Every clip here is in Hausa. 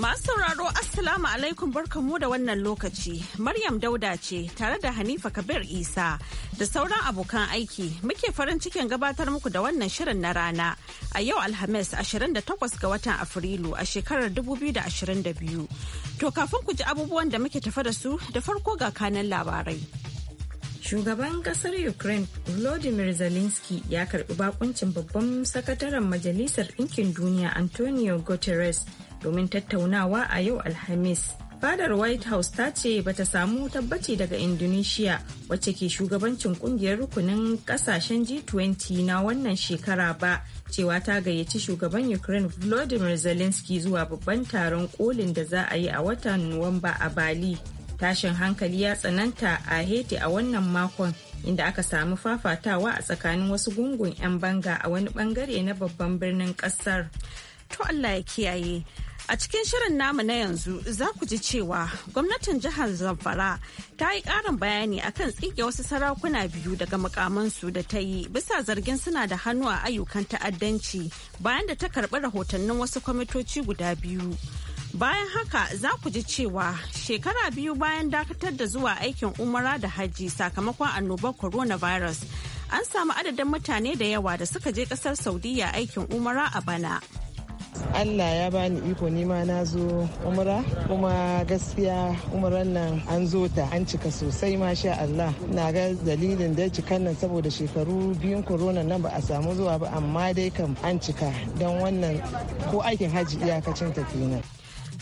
Masu sauraro Assalamu alaikum barkanmu da wannan lokaci. Maryam Dauda ce tare da Hanifa Kabir Isa da sauran abokan aiki muke farin cikin gabatar muku da wannan shirin na rana a yau Alhamis 28 ga watan Afrilu a shekarar 2022. To kafin ku ji abubuwan da muke tafa da su da farko ga kanan labarai. Shugaban kasar Ukraine Volodymyr Zelensky ya karbi bakuncin babban sakataren Majalisar ɗinkin Duniya Antonio Guterres domin tattaunawa a yau Alhamis. Fadar White House ta ce bata samu tabbaci daga Indonesia wacce ke shugabancin kungiyar rukunin kasashen G20 na wannan shekara ba cewa ta gayyaci shugaban Ukraine vladimir Zelensky zuwa babban taron kolin da za a yi a watan Nuwamba a Bali. Tashin hankali ya tsananta a Haiti a wannan makon inda aka samu fafatawa a tsakanin wasu gungun 'yan banga a wani bangare na babban birnin kasar. To Allah ya kiyaye. A cikin shirin namu na yanzu za ku ji cewa gwamnatin jihar Zamfara ta yi ƙarin bayani akan tsige wasu sarakuna biyu daga mukamansu da ta yi bisa zargin suna da hannu a ayyukan ta'addanci bayan da ta karɓi rahotannin wasu kwamitoci guda biyu. Bayan haka za ku ji cewa shekara biyu bayan dakatar da zuwa aikin umara da hajji sakamakon annobar coronavirus an samu adadin mutane da yawa da suka je ƙasar Saudiya aikin umara a bana. Allah ya bani iko nima na zo umra kuma gaskiya umran nan an zo ta an cika sosai masha Allah na ga dalilin da cikan nan saboda shekaru biyun corona nan ba a samu zuwa ba amma dai kam an cika don wannan ko aikin hajji iyakacin tafiya.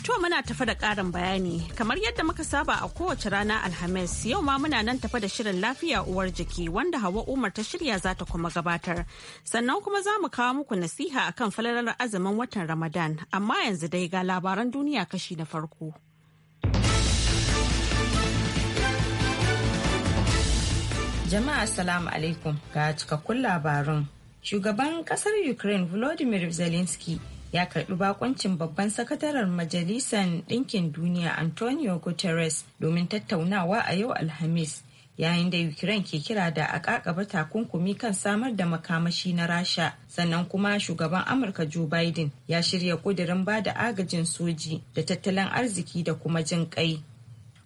To muna tafa da ƙarin bayani kamar yadda muka saba a kowace rana Alhamis yau ma muna nan tafa da shirin lafiya uwar jiki wanda Hawa Umar ta shirya za ta kuma gabatar. Sannan kuma za mu kawo muku nasiha akan falalar azumin watan Ramadan amma yanzu dai ga labaran duniya kashi na farko. Jama'a Assalamu alaikum ga cikakkun labarun. Shugaban kasar Ukraine Volodymyr Zelensky ya karbi bakoncin babban sakataren majalisar ɗinkin duniya antonio guterres domin tattaunawa a yau alhamis yayin da ukraine ke kira da a kakaba takunkumi kan samar da makamashi na rasha sannan kuma shugaban amurka joe biden ya shirya kudirin ba da agajin soji da tattalin arziki da kuma jin kai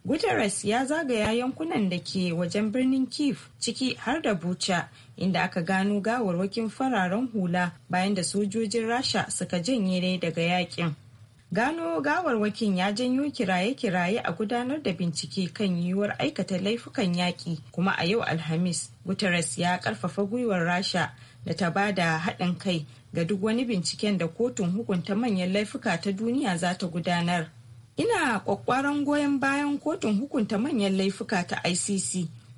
Guterres ya zagaya yankunan da ke wajen birnin Kiev ciki har da Bucha inda aka gano gawarwakin fararen hula bayan da sojojin Rasha suka janye ne daga yakin. Gano gawarwakin ya janyo kiraye-kiraye a gudanar da bincike kan yiwuwar aikata laifukan yaƙi kuma a yau Alhamis. Guterres ya ƙarfafa gwiwar Rasha da ta ba da haɗin kai ga duk wani binciken da kotun hukunta manyan laifuka ta duniya za ta gudanar. ina kwakwaran goyon bayan kotun hukunta manyan laifuka ta icc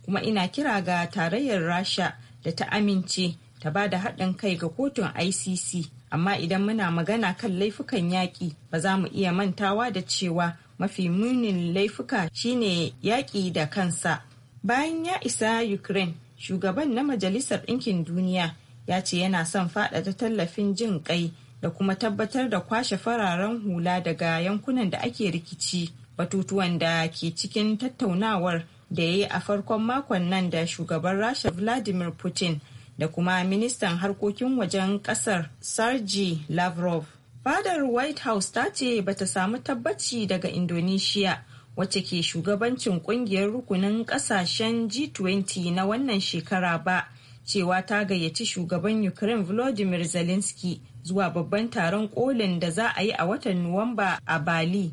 kuma ina kira ga tarayyar rasha da ta amince ta ba da haɗin kai ga kotun icc amma idan muna magana kan laifukan yaƙi ba za mu iya mantawa da cewa mafi munin laifuka shine yaƙi da kansa bayan ya isa ukraine shugaban na majalisar ɗinkin duniya ya ce yana son faɗaɗa tallafin jin ƙai da kuma tabbatar da kwashe fararen hula daga yankunan da ake rikici batutuwan da ke cikin tattaunawar da ya yi a farkon makon nan da shugaban rasha vladimir putin da kuma ministan harkokin wajen kasar sarji lavrov fadar white house ta ce ba ta samu tabbaci daga indonesia wacce ke shugabancin kungiyar rukunin kasashen g20 na wannan shekara ba cewa ta gayyaci shugaban ukraine volodymyr zelensky zuwa babban taron kolin da za a yi a watan Nuwamba a Bali.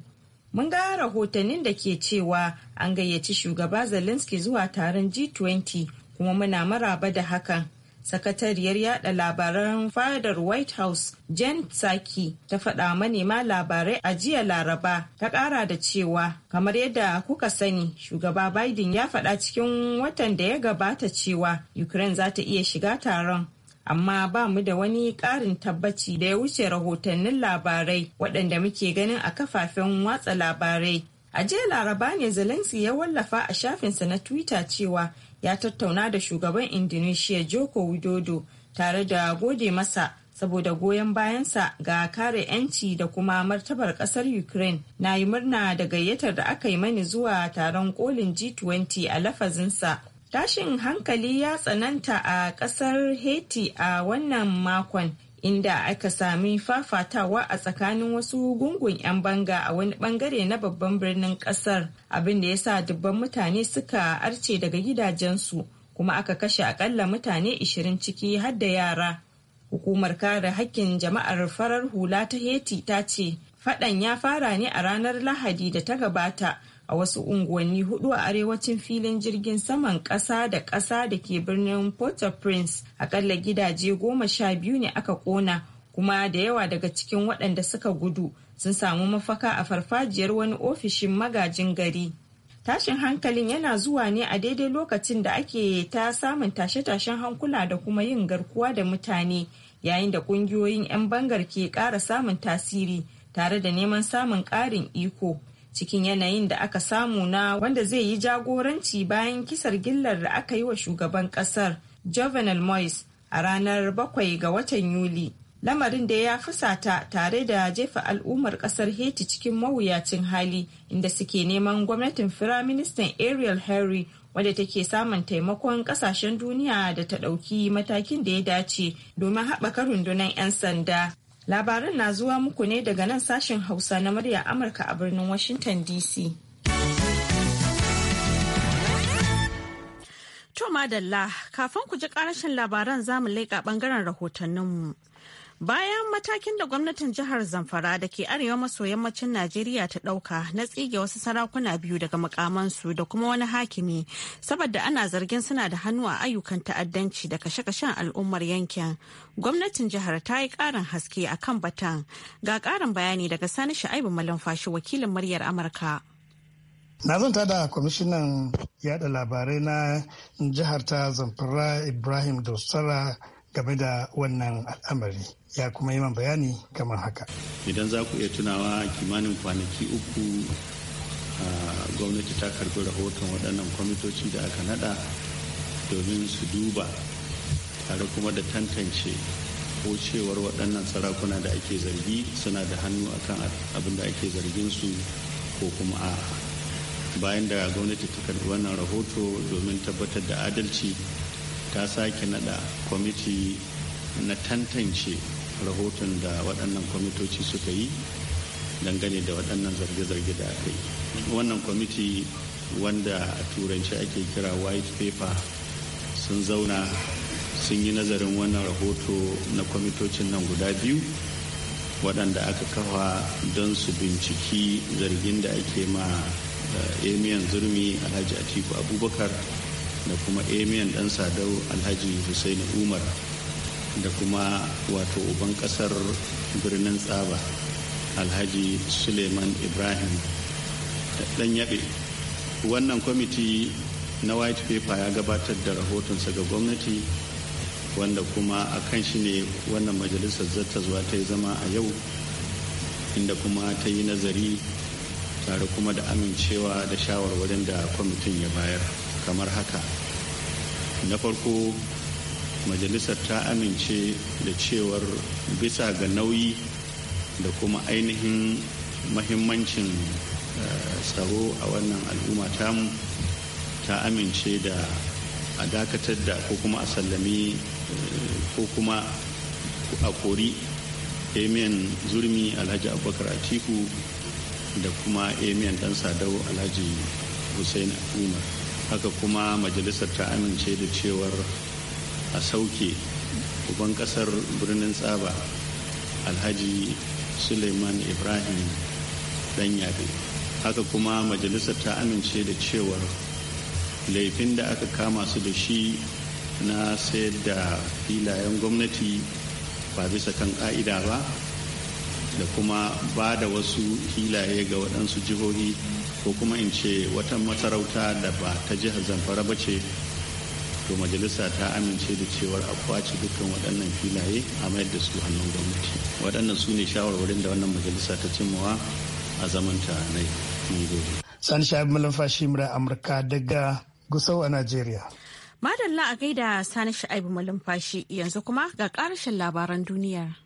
Mun ga rahotannin da ke cewa an gayyaci shugaba Zelensky zuwa taron G20 kuma muna maraba da hakan. Sakatariyar yada labaran fadar White House Jen Psaki ta faɗa manema labarai a jiya Laraba ta ƙara da cewa kamar yadda kuka sani shugaba Biden ya faɗa cikin watan da ya gabata cewa Ukraine za ta iya shiga taron amma ba mu da wani ƙarin tabbaci da ya wuce rahotannin labarai waɗanda muke ganin a kafafen watsa labarai. A jiya laraba ne Zelensky ya wallafa a shafinsa na Twitter cewa ya tattauna da shugaban Indonesia Joko Widodo tare da gode masa saboda goyon bayansa ga kare 'yanci da kuma martabar kasar ukraine na yi murna da gayyatar da aka yi mani zuwa taron kolin g20 a lafazinsa Tashin hankali ya tsananta a ƙasar Haiti a wannan makon inda aka sami fafatawa a tsakanin wasu gungun 'yan banga a wani bangare na babban birnin ƙasar abin da ya sa dubban mutane suka arce daga gidajensu kuma aka kashe akalla mutane 20 ciki har da yara. Hukumar kare hakkin jama'ar farar hula ta Haiti ta ce faɗan ya fara ne a ranar Lahadi da ta gabata a wasu unguwanni hudu a arewacin filin jirgin saman ƙasa da ƙasa da ke birnin port-au-prince akalla gidaje goma sha biyu ne aka kona kuma da yawa daga cikin waɗanda suka gudu sun samu mafaka a farfajiyar wani ofishin magajin gari tashin hankalin yana zuwa ne a daidai lokacin da ake ta samun tashe-tashen hankula da kuma yin garkuwa da mutane yayin da ƙungiyoyin 'yan bangar ke ƙara samun tasiri tare da neman samun ƙarin iko cikin yanayin da aka samu na wanda zai yi jagoranci bayan kisar gillar da aka yi wa shugaban kasar jovenel moise a ranar 7 ga watan yuli lamarin da ya fusata tare da jefa al'ummar kasar haiti cikin mawuyacin hali inda suke neman gwamnatin firaministan ariel henry wadda take samun taimakon kasashen duniya da ta ɗauki matakin da ya dace domin haɓaka rundunar 'yan sanda Labaran na zuwa muku ne daga nan sashen Hausa na murya Amurka a birnin Washington DC. To madalla, kafin ku ji karashin labaran zamu leƙa ɓangaren rahotanninmu. Bayan matakin da gwamnatin jihar Zamfara da ke arewa maso yammacin Najeriya ta ɗauka na tsige wasu sarakuna biyu daga mukamansu da kuma wani hakimi, saboda ana zargin suna da hannu a ayyukan ta'addanci da kashe-kashen al'ummar yankin. Gwamnatin jihar ta yi ƙarin haske a kan batan. Ga ƙarin bayani daga Sani Sha'ibu Malamfashi wakilin muryar Amurka. Na zanta da kwamishinan yada labarai na jihar ta Zamfara Ibrahim Dostara game da wannan al'amari ya kuma yi man bayani kamar haka. Idan za ku iya tunawa kimanin kwanaki uku gwamnati ta karbi rahoton waɗannan kwamitoci da aka nada domin su duba tare kuma da tantance ko cewar waɗannan sarakuna da ake zargi suna da hannu akan abin da ake zargin su ko kuma a bayan da gwamnati ta karbi wannan rahoto domin tabbatar da adalci ta sake nada kwamiti na tantance rahoton da waɗannan kwamitoci suka yi dangane da waɗannan zarge-zarge da aka yi wannan kwamiti wanda a turanci ake kira white paper sun zauna sun yi nazarin wannan rahoto na kwamitocin nan guda biyu waɗanda aka kafa don su binciki zargin da ake ma emiyan eh, zurmi alhaji atiku abubakar da kuma emiyan dan sadau alhaji husaini umar da kuma wato uban kasar birnin tsaba alhaji suleiman ibrahim dan yabe wannan kwamiti na white paper ya gabatar da rahotonsa ga gwamnati wanda kuma a kan shi ne wannan majalisar zata zuwa ta yi zama a yau inda kuma ta yi nazari tare kuma da amincewa da shawarwarin da kwamitin ya bayar. kamar haka na farko majalisar ta amince da cewar bisa ga nauyi da kuma ainihin mahimmancin eh, tsaro a wannan al'umma tamu ta amince da a dakatar da ko kuma a sallami eh, ko kuma a kori amen zurmi alhaji abubakar atiku da kuma amen dan sadau alhaji hussein umar haka kuma majalisar ta amince da cewar a sauke uban kasar birnin tsaba alhaji suleiman ibrahim dan yabe haka kuma majalisar ta amince da cewar laifin da aka kama su da shi na sayar da filayen gwamnati ba bisa kan ka'ida ba da kuma ba da wasu hilaye ga waɗansu jihohi ko kuma in ce wata masarauta da ba ta jihar zamfara ba ce to majalisa ta amince da cewar a kwace dukkan waɗannan filaye a mayar da su hannun gwamnati waɗannan su ne shawarwarin da wannan majalisa ta cimmawa a ta na gobe. sani shahab malumfashi mura amurka daga gusau a nigeria. madalla a gaida sani sha'ib malumfashi yanzu kuma ga ƙarashin labaran duniyar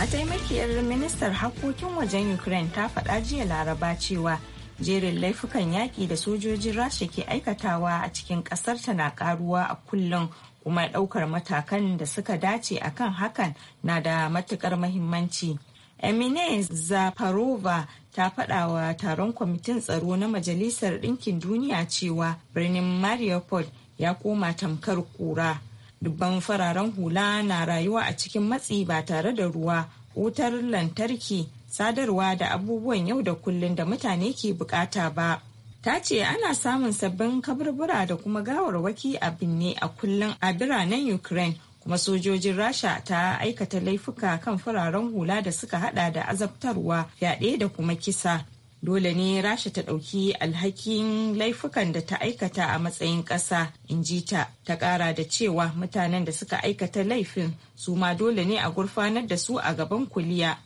mataimakiyar ministar harkokin wajen ukraine ta faɗa jiya laraba cewa jerin laifukan yaƙi da sojojin rasha ke aikatawa a cikin ƙasar ta na ƙaruwa a kullum kuma ɗaukar matakan da suka dace akan hakan na da matuƙar mahimmanci. Emine Zafarova ta faɗa wa taron kwamitin tsaro na Majalisar Ɗinkin Duniya cewa birnin Mariupol ya koma tamkar kura dubban fararen hula na rayuwa a cikin matsi ba tare da ruwa wutar lantarki sadarwa da abubuwan yau da kullun da mutane ke bukata ba ta ce ana samun sabbin kaburbura da kuma gawarwaki a binne a kullum a biranen ukraine kuma sojojin rasha ta aikata laifuka kan fararen hula da suka hada da azabtarwa fyaɗe da kuma kisa dole ne rasha ta ɗauki alhakin laifukan da ta aikata a matsayin ƙasa in ji ta ta ƙara da cewa mutanen da suka aikata laifin su ma dole ne a gurfanar da su a gaban kuliya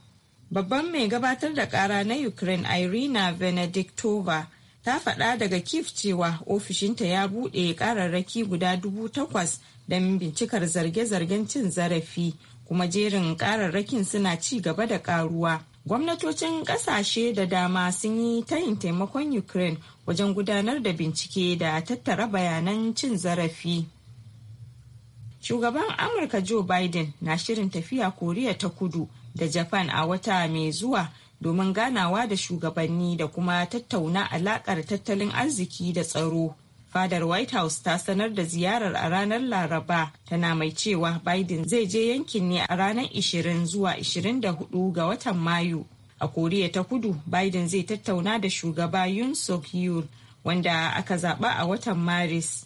babban mai gabatar da ƙara na ukraine irina venediktova ta faɗa daga kif cewa ofishinta ya buɗe ƙararraki guda dubu takwas don bincikar zarge-zargen cin zarafi kuma jerin ƙararrakin suna ci gaba da ƙaruwa Gwamnatocin ƙasashe da dama sun yi tayin taimakon Ukraine wajen gudanar da bincike da tattara bayanan cin zarafi. Shugaban Amurka Joe Biden na shirin tafiya Koriya ta kudu da Japan a wata mai zuwa domin ganawa da shugabanni da kuma tattauna alakar tattalin arziki da tsaro. fadar white house ta sanar da ziyarar a ranar laraba tana mai cewa biden zai je yankin ne a ranar 20 zuwa 24 ga watan mayu a koriya ta kudu biden zai tattauna da shugaba yun suk yul wanda aka zaba a watan maris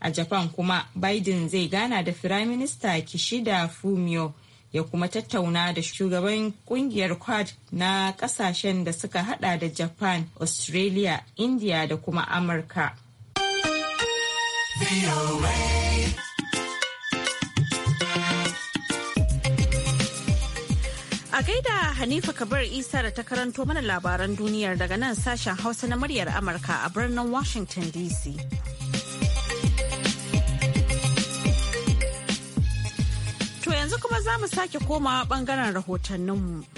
a japan kuma biden zai gana da firaminista kishida fumio ya kuma tattauna da shugaban kungiyar quad na kasashen da suka hada da japan australia india da kuma amurka A gaida Hanifa Kabir Isa da ta karanto mana labaran duniyar daga nan sashen Hausa na muryar Amurka a birnin Washington DC. To yanzu kuma za mu sake komawa bangaren rahotanninmu.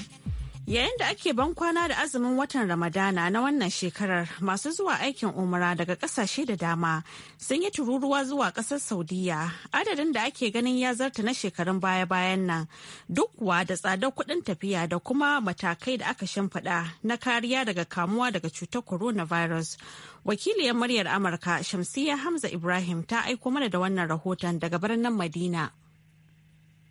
Yayin da ake ban kwana da azumin watan Ramadana na wannan shekarar masu zuwa aikin umra daga kasashe da dama sun yi tururuwa zuwa kasar Saudiya adadin da ake ganin ya zarta na shekarun baya-bayan nan duk wa da tsadar kuɗin tafiya da kuma matakai da aka shimfiɗa na kariya daga kamuwa daga cutar coronavirus. Wakiliyar muryar Amurka Shamsiyya Hamza Ibrahim ta aiko mana da wannan rahoton daga birnin Madina.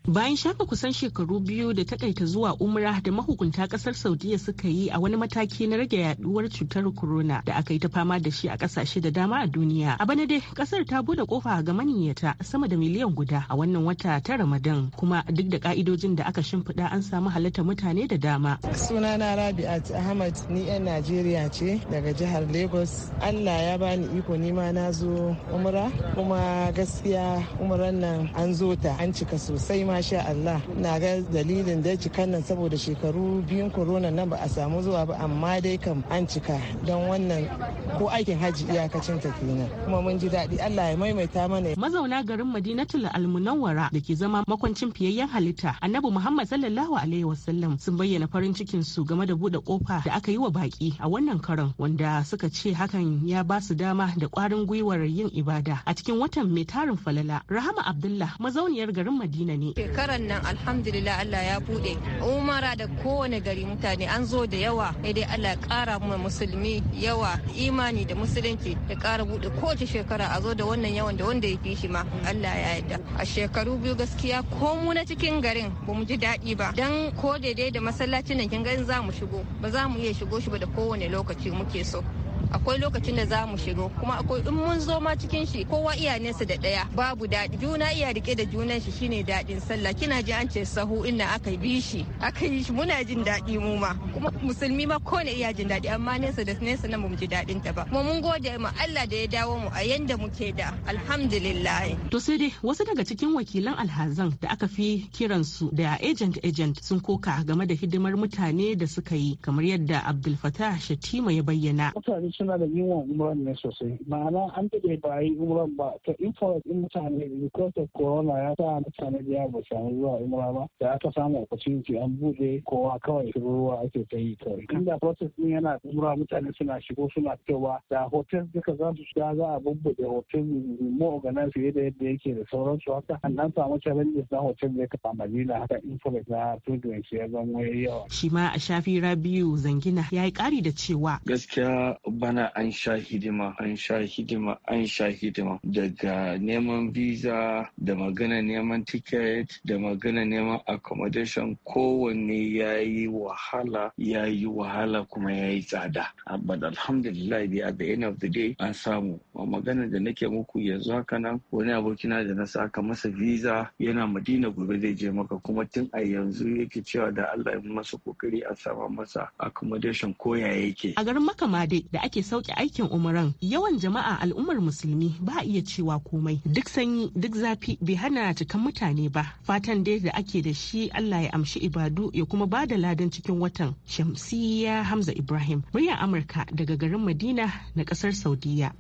Bayan shafa kusan shekaru biyu da takaita zuwa umra da mahukunta kasar Saudiya suka yi a wani mataki na rage yaduwar cutar corona da aka yi ta fama da shi a kasashe da dama a duniya. A bana dai kasar ta bude kofa ga maniyyata sama da miliyan guda a wannan wata ta Ramadan kuma duk da ka'idojin da aka shimfiɗa an samu halartar mutane da dama. Sunana Rabi'at Ahmad ni 'yan Najeriya ce daga jihar Lagos. Allah ya bani iko ni ma na zo umra kuma gaskiya umran nan an zo ta an cika sosai masha Allah na ga dalilin da cikan nan saboda shekaru biyun corona nan ba a samu zuwa ba amma dai kam an cika don wannan ko aikin hajji iyakacin tafiya kuma mun ji daɗi Allah ya maimaita mana mazauna garin Madinatul Almunawwara da ke zama makwancin fiyayyen halitta Annabi Muhammad sallallahu alaihi wasallam sun bayyana farin cikin su game da buɗe kofa da aka yi wa baki a wannan karon wanda suka ce hakan ya ba su dama da ƙwarin gwiwar yin ibada a cikin watan mai tarin falala Rahama Abdullah mazauniyar garin Madina ne shekarar nan alhamdulillah Allah ya bude umara da kowane gari mutane an zo da yawa sai dai Allah kara mu musulmi yawa imani da musulunci ya kara bude kowace shekara a zo da wannan yawan da wanda ya fi shi ma Allah ya yarda a shekaru biyu gaskiya ko mu na cikin garin ba mu ji daɗi ba dan ko daidai da masallacin nan kin ga za mu shigo ba za mu iya shigo shi ba da kowane lokaci muke so akwai lokacin da zamu mu shigo kuma akwai in mun zo ma cikin shi kowa iya nesa da ɗaya babu daɗi juna iya rike da junan shi shine daɗin sallah kina ji an ce sahu inna aka bi shi aka yi shi muna jin daɗi mu ma kuma musulmi ma ko ne iya jin daɗi amma nesa da nesa nan mu ji daɗin ta ba kuma mun gode ma Allah da ya dawo mu a yanda muke da alhamdulillah to sai dai wasu daga cikin wakilan alhazan da aka fi kiran su da agent agent sun koka game da hidimar mutane da suka yi kamar yadda Abdul Fatah Shatima ya bayyana suna da yunwan umran ne sosai ma'ana an daɗe ba a yi umran ba to infrared in mutane because of corona ya sa mutane da yawa ba samu zuwa umra ba da aka samu opportunity an buɗe kowa kawai ruwa ake ta yi kawai inda process din yana umra mutane suna shigo suna fitowa da hotel duka za su shiga za a bubbuɗe hotel mu organize fiye da yadda yake da sauransu haka an dan samu challenges na hotel da ya kafa madina haka infrared na frequency ya zama yawa. shi ma a shafi rabiu zangina ya yi ƙari da cewa gaskiya bana an sha hidima an sha hidima an sha hidima daga neman visa da magana neman ticket da magana neman accommodation kowanne ya yi wahala ya yi wahala kuma ya yi tsada ah, but alhamdulillah dai at the end of the day an samu magana da nake muku yanzu haka nan wani abokina da na saka masa visa yana madina gobe zai je maka kuma tun a yanzu yake cewa da allah ya masa kokari a sama masa accommodation ko ya yake a garin makama dai da ake sauke aikin umaran yawan jama'a al'ummar musulmi ba a iya cewa komai duk sanyi duk zafi bai hana cikan mutane ba fatan dai da ake da shi Allah ya amshi ibadu ya kuma ba da ladan cikin watan Shamsiya Hamza Ibrahim muryar Amurka daga garin Madina na kasar Saudiya.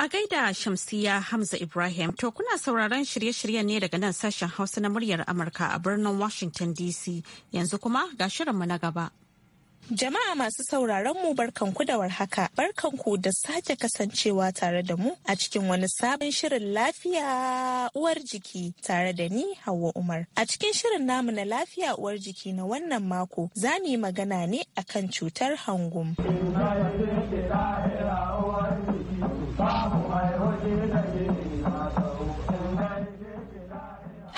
A gaida Shamsiya Hamza Ibrahim to kuna sauraron shirye-shiryen ne daga nan sashen Hausa na muryar Amurka a birnin Washington DC yanzu kuma ga shirinmu na gaba. Jama'a masu sauraron mu barkanku da warhaka, barkanku da sake kasancewa tare da mu a cikin wani sabon shirin lafiya uwar jiki tare da ni Hauwa Umar. A cikin shirin namu na lafiya uwar jiki na wannan mako za mu yi magana ne akan cutar hangum.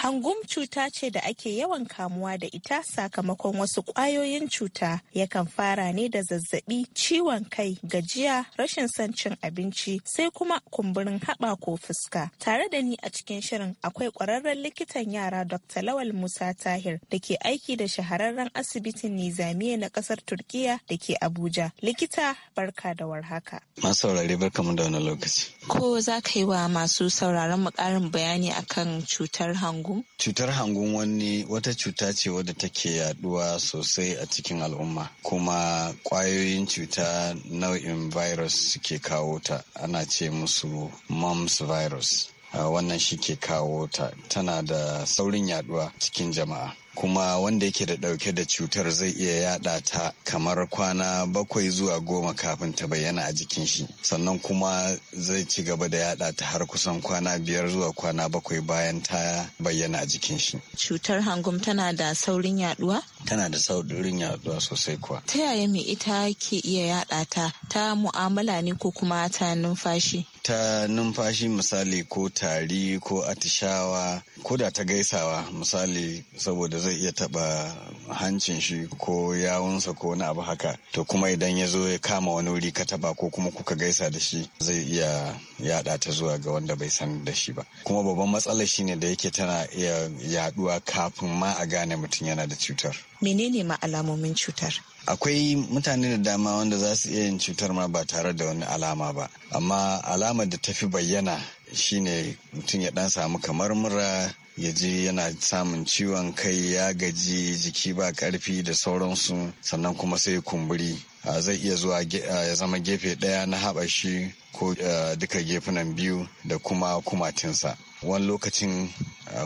Hangum cuta ce da ake yawan kamuwa da ita sakamakon wasu ƙwayoyin cuta yakan fara ne da zazzabi, ciwon kai, gajiya, rashin son cin abinci, sai kuma kumburin haɓa ko fuska. Tare da ni a cikin shirin akwai ƙwararren likitan yara Dr. Lawal Musa Tahir da ke aiki da shahararren asibitin Nizamiya na ƙasar Turkiya da ke Abuja. Likita barka da warhaka. Masu saurare barka mu da wani lokaci. Ko za ka yi wa masu sauraron mu ƙarin bayani akan cutar hangu hangu? Cutar hangun wani wata cuta ce wadda take yaduwa sosai a cikin al'umma kuma kwayoyin cuta nau'in virus suke kawo ta ana ce musu mumps virus. Uh, wannan shi ke kawo ta tana da saurin yaduwa cikin jama'a kuma wanda yake da dauke da cutar zai iya yada ta kamar kwana bakwai zuwa goma kafin ta bayyana a jikin shi sannan kuma zai ci gaba da yada ta har kusan kwana biyar zuwa kwana bakwai bayan ta bayyana a jikin shi cutar hangum tana da saurin yaduwa tana da saurin yaduwa sosai kuwa ta yaya me ita ke iya yada ta ta mu'amala ne ko kuma ta numfashi ta numfashi misali ko tari ko atishawa koda ta gaisawa misali saboda zai iya taba hancin shi ko yawunsa ko wani abu haka to kuma idan ya zo ya kama wani wuri ka taba ko kuma kuka gaisa da shi zai iya yada ta zuwa ga wanda bai san da shi ba kuma babban matsalar shi ne da yake tana iya yaduwa kafin ma a gane mutum yana da cutar menene ma alamomin cutar akwai mutane da dama wanda za su iya yin cutar ma ba tare da wani alama ba amma alamar da tafi bayyana shine mutum ya dan samu kamar mura ya ji yana samun ciwon kai ya gaji jiki ba karfi da sauransu sannan kuma sai kumburi zai iya zuwa ya zama gefe ɗaya na habashi ko duka gefunan biyu da kuma kumatinsa wani lokacin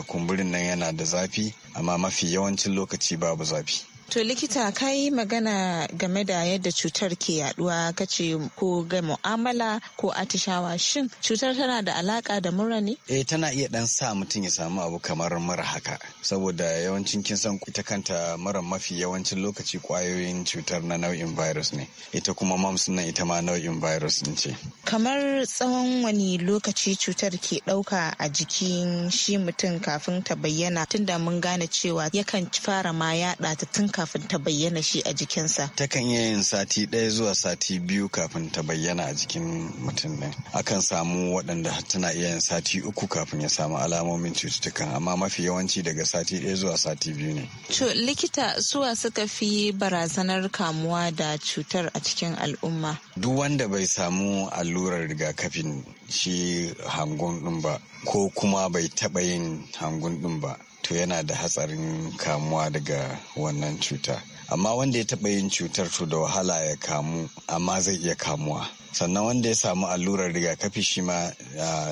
kumburin nan yana da zafi amma mafi yawancin lokaci babu zafi To likita ka yi magana game da yadda cutar ke yaduwa kace ko ga mu'amala ko atishawa shin cutar tana da alaka da mura ne? Eh tana iya dan sa mutum ya samu abu kamar mura haka saboda yawancin kin san ita kanta mura mafi yawancin lokaci kwayoyin cutar na nau'in virus ne ita kuma mams nan ita ma nau'in virus din ce. Kamar tsawon wani lokaci cutar ke dauka a jikin shi mutum kafin ta bayyana tunda mun gane cewa yakan fara ma yaɗa ta tun kafin ta bayyana shi a jikinsa. Takan iya yin sati ɗaya zuwa sati biyu kafin ta bayyana a jikin mutum ne. Akan samu waɗanda tana iya yin sati uku kafin ya samu alamomin cututtukan amma mafi yawanci daga sati ɗaya zuwa sati biyu ne. To likita suwa suka fi barazanar kamuwa da cutar a cikin al'umma. Duk wanda bai samu allurar rigakafin shi hangun ɗin ba ko kuma bai taɓa yin hangun ɗin ba to yana da hatsarin kamuwa daga wannan cuta amma wanda ya taɓa yin cutar to da wahala ya kamu amma zai iya kamuwa sannan wanda ya samu allurar rigakafi shi ma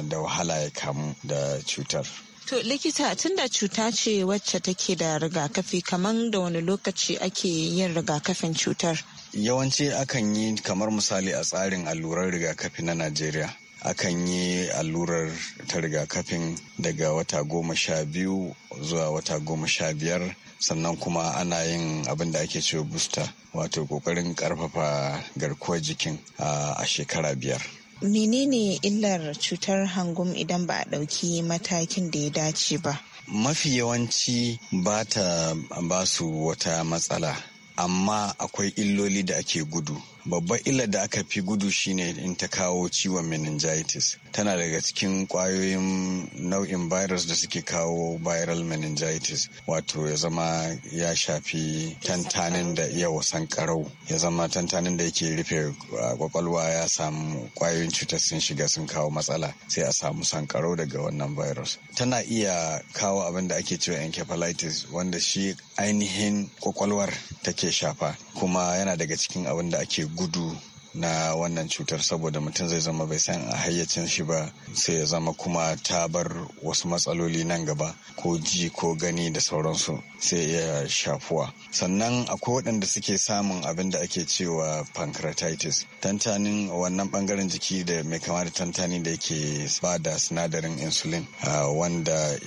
da wahala ya kamu da cutar To likita tunda cuta ce wacce take da rigakafi kamar da wani lokaci ake yin rigakafin cutar? Yawanci akan yi kamar misali a tsarin allurar rigakafi na Najeriya. akan yi allurar ta rigakafin daga wata goma sha biyu zuwa wata goma sha biyar sannan kuma ana yin abin da ake cewa busta, wato kokarin karfafa garkuwar jikin a shekara biyar menene illar cutar hangum idan ba a ɗauki matakin da ya dace ba mafi yawanci ba ta ba su wata matsala amma akwai illoli da ake gudu babban illar da aka fi gudu shine in ta kawo ciwon meningitis tana daga cikin kwayoyin nau'in virus da suke kawo viral meningitis wato ya zama ya shafi tantanin da wasan sankarau ya zama tantanin da yake rufe kwakwalwa ya samu kwayoyin cutar sun shiga sun kawo matsala sai a samu sankarau daga wannan virus tana iya kawo abin da ake cewa encephalitis wanda shi ainihin kwakwalwar take shafa kuma yana daga cikin abin da ake gudu na wannan cutar saboda mutum zai zama bai san a hayyacin shi ba sai ya zama kuma ta bar wasu matsaloli nan gaba ko ji ko gani da sauransu sai ya shafuwa sannan akwai waɗanda suke samun abin da ake cewa pancreatitis tantanin wannan ɓangaren jiki da mai kama da tantani da yake ba da sinadarin insulin wanda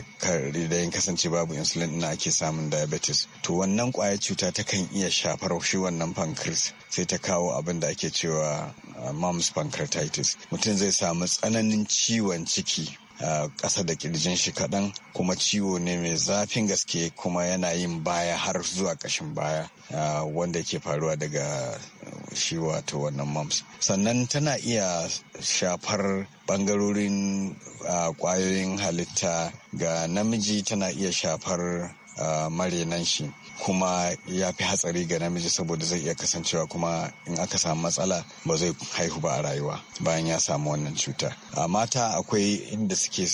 idan kasance babu insulin ina ake samun diabetes to wannan kwaya cuta takan iya shafar shi wannan pancreas sai ta kawo abin da ake cewa uh, mams pancreatitis mutum zai samu tsananin ciwon ciki a uh, ƙasa da kirjin shi kaɗan kuma ciwo ne mai zafin gaske kuma yana yin baya har zuwa ƙashin baya uh, wanda ke faruwa daga shi wato wannan mams sannan tana iya shafar ɓangarorin kwayoyin halitta ga namiji tana iya shafar marenan shi kuma ya fi hatsari ga namiji saboda zai iya kasancewa kuma in aka samu matsala ba zai haihu ba a rayuwa bayan ya samu wannan cuta a mata akwai inda suke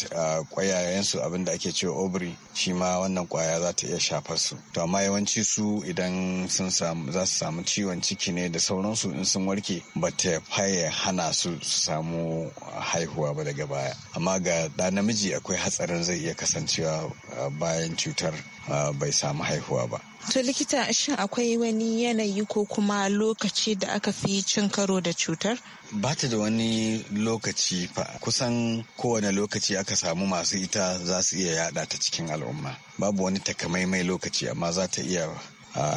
kwayayensu abinda ake cewa obri shi ma wannan kwaya za ta iya shafar su to amma yawanci su idan sun samu za su samu ciwon ciki ne da sauransu in sun warke ba ta faye hana su su samu haihuwa ba daga baya amma ga da namiji akwai hatsarin zai iya kasancewa bayan cutar bai samu haihuwa ba. To likita shin akwai wani yanayi ko kuma lokaci da aka fi cin karo da cutar? Ba ta da wani lokaci fa kusan kowane lokaci aka samu masu ita za su iya yada ta cikin al'umma. Babu wani takamaimai lokaci amma za ta iya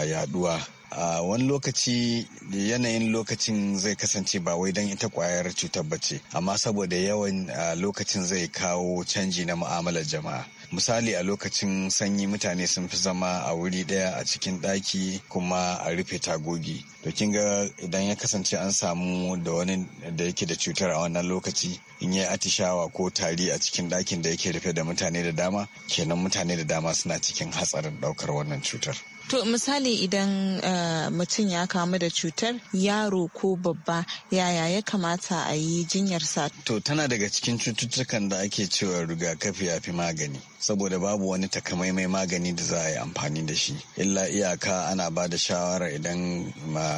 yaduwa a wani lokaci yanayin lokacin zai kasance ba wai don ita kwayar cutar ba ce amma saboda yawan uh, lokacin zai kawo canji na mu'amalar jama'a misali a lokacin sanyi mutane sun fi zama a wuri ɗaya a cikin ɗaki kuma a rufe tagogi to kin ga idan ya kasance an samu da wani da yake da cutar a wannan lokaci in yi atishawa ko tari a cikin ɗakin da yake rufe da mutane da dama kenan mutane da dama suna cikin hatsarin ɗaukar wannan cutar To misali idan eh, mutum ya kamu da cutar yaro ko babba yaya ya kamata a yi jinyar sa. To tana daga cikin cututtukan da ake cewa rigakafi ya fi magani. saboda babu wani takamaimai magani da za a yi amfani da shi illa iyaka ana ba da shawara idan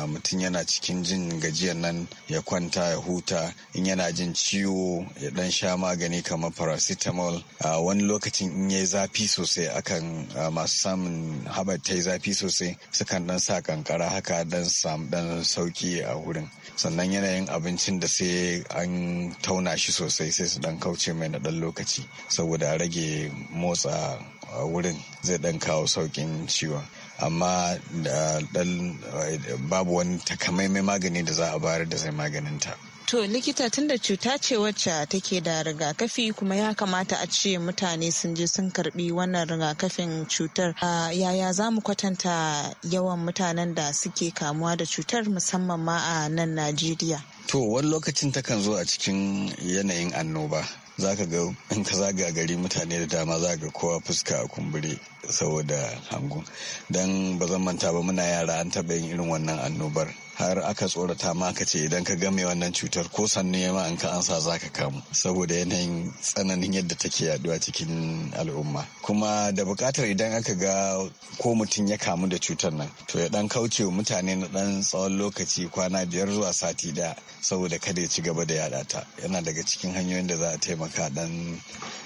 mutum yana cikin jin gajiyar nan ya kwanta ya huta in yana jin ciwo ya dan sha magani kamar paracetamol a wani lokacin in yi zafi sosai akan masu samun haɓar ta zafi zafi sosai sukan dan sa kankara haka dan samu dan sauki a wurin sannan yanayin abincin da sai an tauna shi sosai sai su dan kauce mai na dan lokaci saboda rage motsa a wurin zai dan kawo saukin ciwon amma ah, ah, babu wani takamaiman magani da za a bayar da zai maganinta. To likita tunda cuta ce wacce take da rigakafi kuma ya kamata a ce mutane sun je sun karbi wannan rigakafin cutar. Yaya za mu kwatanta yawan mutanen da suke kamuwa da cutar musamman ma a nan Najeriya? To wani lokacin takan zo a cikin yanayin annoba. zaka ga in ka zaga gari mutane da dama za ga kowa fuska a kumbure saboda hangu don ba zan manta ba muna yara an taɓa yin irin wannan annobar har aka tsorata ma ka ce idan ka game wannan cutar ko sannu ya ma in ka ansa za ka kamu saboda yanayin tsananin yadda take yaduwa cikin al'umma kuma da bukatar idan aka ga ko mutum ya kamu da cutar nan to ya dan kauce wa mutane na dan tsawon lokaci kwana biyar zuwa sati daya saboda kada ya ci gaba da yada ta yana daga cikin hanyoyin da za a taimaka ka dan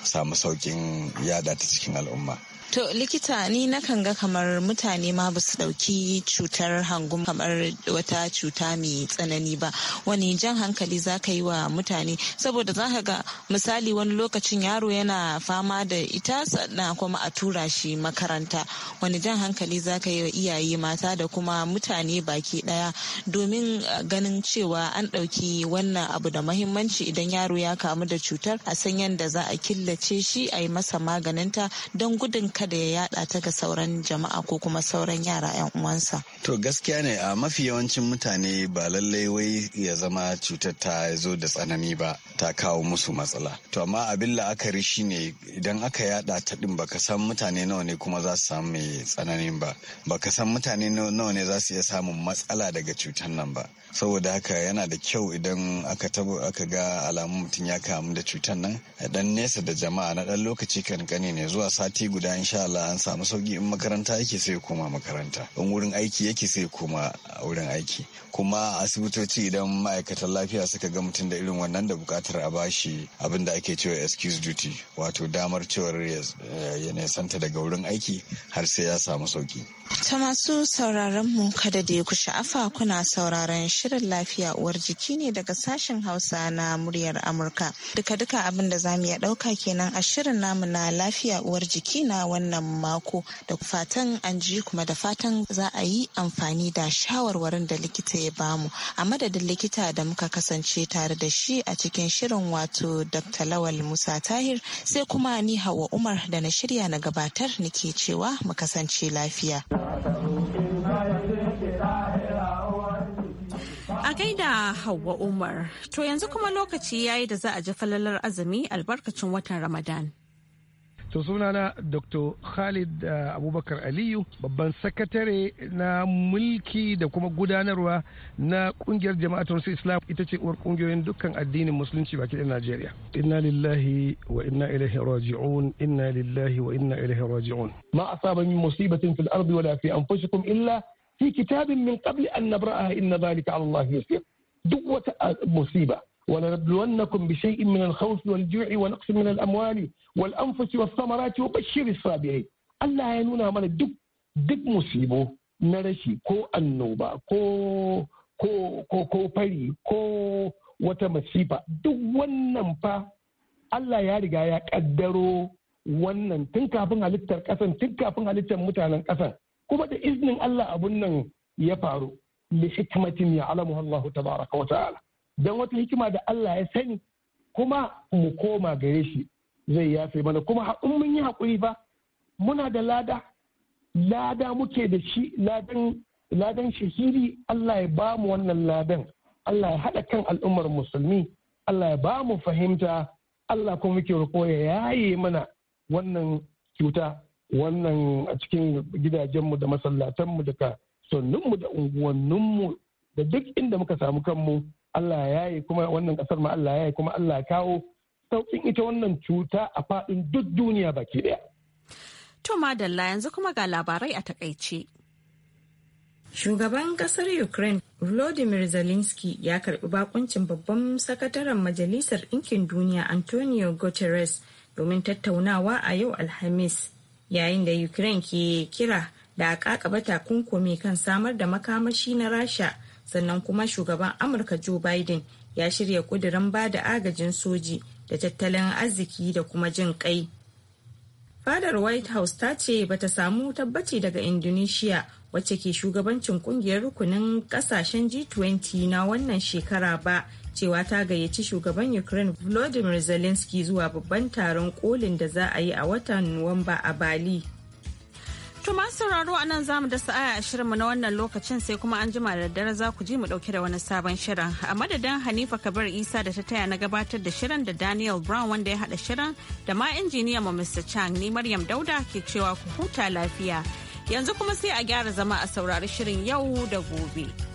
samu saukin yada ta cikin al'umma To likita ni na kan ga kamar mutane ma ba su ɗauki cutar hangum kamar wata cuta mai tsanani ba. Wani jan hankali za ka yi wa mutane saboda za ka ga misali wani lokacin yaro yana fama da ita sannan kuma a tura shi makaranta. Wani jan hankali za ka yi wa iyaye mata da kuma mutane baki ɗaya domin uh, ganin cewa an ɗauki wannan abu da mahimmanci idan yaro ya kamu da cutar a san yadda za a killace shi a yi masa maganinta don gudun kai kada ya yada ta ga sauran jama'a ko kuma sauran yara 'yan uwansa. To gaskiya ne a mafi yawancin mutane ba lallai wai ya zama cutar ta zo da tsanani ba ta kawo musu matsala. To amma abin la'akari ne idan aka yada ta din baka san mutane nawa ne kuma za su samu mai tsananin ba. Baka san mutane nawa ne za su iya samun matsala daga cutar nan ba. Saboda haka yana da kyau idan aka tabo aka ga alamun mutum ya kamu da cutar nan dan nesa da jama'a na dan lokaci kankani ne zuwa sati guda insha insha Allah an samu sauki in makaranta yake sai koma makaranta in wurin aiki yake sai koma wurin aiki kuma asibitoci idan ma'aikatan lafiya suka ga mutum da irin wannan da bukatar a bashi abin da ake cewa excuse duty wato damar cewar ya nisanta daga wurin aiki har sai ya samu sauki ta masu sauraron mu kada da ku sha'afa kuna sauraron shirin lafiya uwar jiki ne daga sashen hausa na muryar amurka duka-duka abin da za mu iya ɗauka kenan a shirin namu na lafiya uwar jiki na wannan mako da fatan an ji kuma da fatan za a yi amfani da shawarwarin da likita ya bamu a madadin likita da muka kasance tare da shi a cikin shirin wato dr lawal musa tahir sai kuma ni hawa umar da na shirya na gabatar nake cewa mu kasance lafiya A gaida Hauwa Umar, to yanzu kuma lokaci yayi da za a ji falalar azumi albarkacin watan Ramadan. to sunana dr khalid eh, abubakar aliyu babban sakatare na mulki da kuma gudanarwa na kungiyar ta su islam ita ce uwar kungiyoyin dukkan addinin musulunci baki da najeriya inna lillahi wa inna ilaihi raji'un inna lillahi wa inna ilaihi raji'un ma asaba min musibatin fil ardi wala fi anfusikum illa fi kitabin min qabli an nabra'aha inna dhalika 'ala allah yasir duk wata eh, musiba ولنبلونكم بشيء من الخوف والجوع ونقص من الأموال والأنفس والثمرات وبشر الصابرين Allah ya nuna mana duk duk musibo na rashi ko annoba ko ko ko wata masifa duk wannan fa Allah ya riga ya kaddaro wannan tun kafin halittar kasan tun kafin halittar mutanen kasan kuma da iznin Allah abun nan ya faru li hikmatin ya alamu Allah tabaraka wa ta'ala don wata hikima da Allah ya sani kuma mu koma gare shi zai yafe mana kuma in mun yi haƙuri ba muna da lada lada muke da shi ladan ladan Allah ya ba mu wannan ladan Allah ya haɗa kan al'ummar musulmi Allah ya ba mu fahimta Allah kuma muke roƙo ya yaye mana wannan cuta wannan a cikin gidajenmu da masallatanmu da ka da unguwanninmu da duk inda muka samu kanmu Allah ya yi kuma wannan kasar ma Allah ya yi kuma Allah kawo sauƙin ita wannan cuta a faɗin duk duniya baki ɗaya. To madalla yanzu kuma ga labarai a takaice. Shugaban ƙasar Ukraine Volodymyr Zelensky ya karbi bakuncin babban sakataren Majalisar Ɗinkin Duniya Antonio Guterres domin tattaunawa a yau Alhamis yayin da Ukraine ke kira da ƙaƙaba takunkumi kan samar da makamashi na Rasha sannan kuma shugaban amurka joe biden ya shirya kudirin ba da agajin soji da tattalin arziki da kuma jin kai fadar white house ta ce bata samu tabbaci daga indonesia wacce ke shugabancin kungiyar rukunin kasashen g20 na wannan shekara ba cewa ta gayyaci shugaban ukraine volodymyr zelensky zuwa babban taron kolin da za a yi a watan nuwamba a bali Tuma sauraro a nan zamu da sa'a a mu na wannan lokacin sai kuma an jima da daddare za ku ji mu dauke da wani sabon shirin. A madadin Hanifa Kabir Isa da ta taya na gabatar da shirin da Daniel Brown wanda ya hada shirin da ma injiniya mu Mr. Chang ni Maryam Dauda ke cewa ku huta lafiya. Yanzu kuma sai a gyara zama a saurari shirin yau da gobe.